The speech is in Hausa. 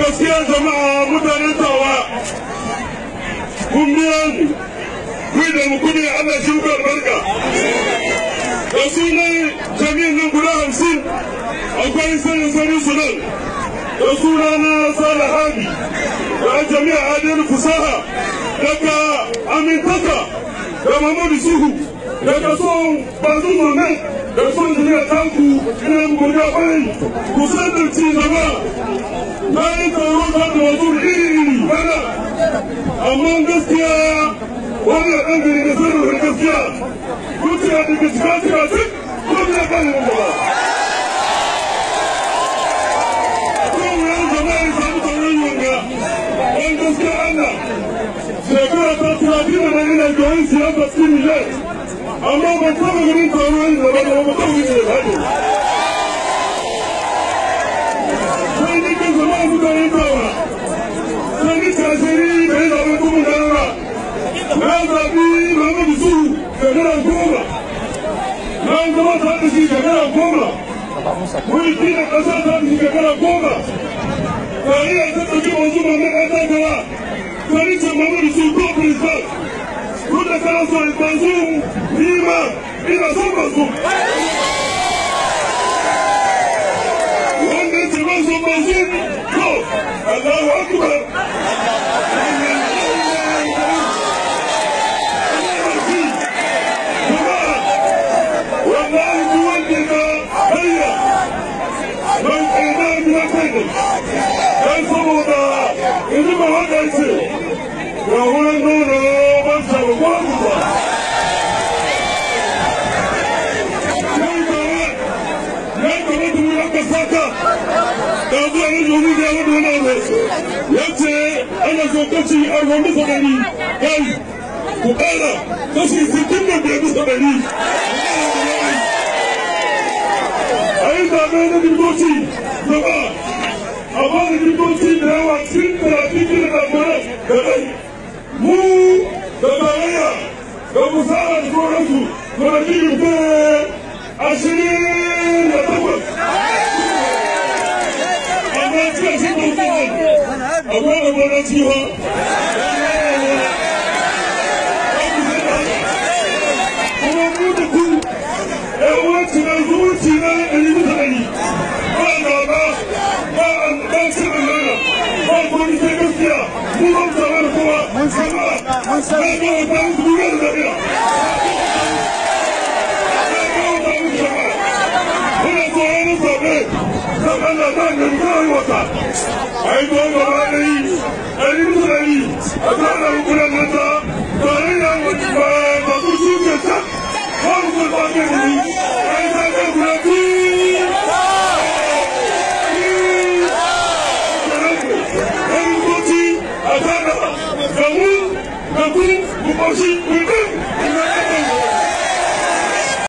بس يا جماعة مدن توا كمبيان كويدا مكوني على شوكر بركة رسولنا جميع نقول همسين أقوال سنة سنة سنة رسولنا صالح هادي جميع هذه الفصاحة لك أمين تكا يا محمود سوهو لك صوم بعضهم من da son ina muku godiya kwarai ku ci gaba ta da wasu iri amma gaskiya wannan ɗan gari da gaskiya don siyasa cikin nijar amma ba ta ga ganin taron wani gaba da ba ta wuce da hadu sai ni ke zama a mutane tawa sai ni kashiri da ya zaɓi kuma garara na zaɓi mamadu su shekara goma na zama ta da shi shekara goma wani kina ƙasa ta da shi shekara goma ta iya ta ɗauki wanzu mamadu ƙasa gara sai ni ce mamadu su ko president Kuna sasa m a n z u ima i m so Manzuru. Wanda m a n z m a n z u u ko a l a h u a n sana k e t s yace ana so kashi arwa bisa ɗari kai ku ƙara kashi sittin da biyar bisa ɗari a yi zaɓe na birgoci gaba a ba da birgoci da yawa cikin talatin da ɗabara da ɗai mu da tarayya da musawar sauransu da rikin ashirin akwai rabo na jiwa kuma mu da ku ɗan uwanci na zuwanci na ɗari bisa ɗari ba gaba ba ba cin amana ba kuma ni sai gaskiya mu ba kowa mun san ba mun san ba ndoyota aidongo balei elimuzali atana lukulangata toliyangotiba bakusuketa bakukutakeni aisakekulati elikoti atana gamu gaku kubosi kuku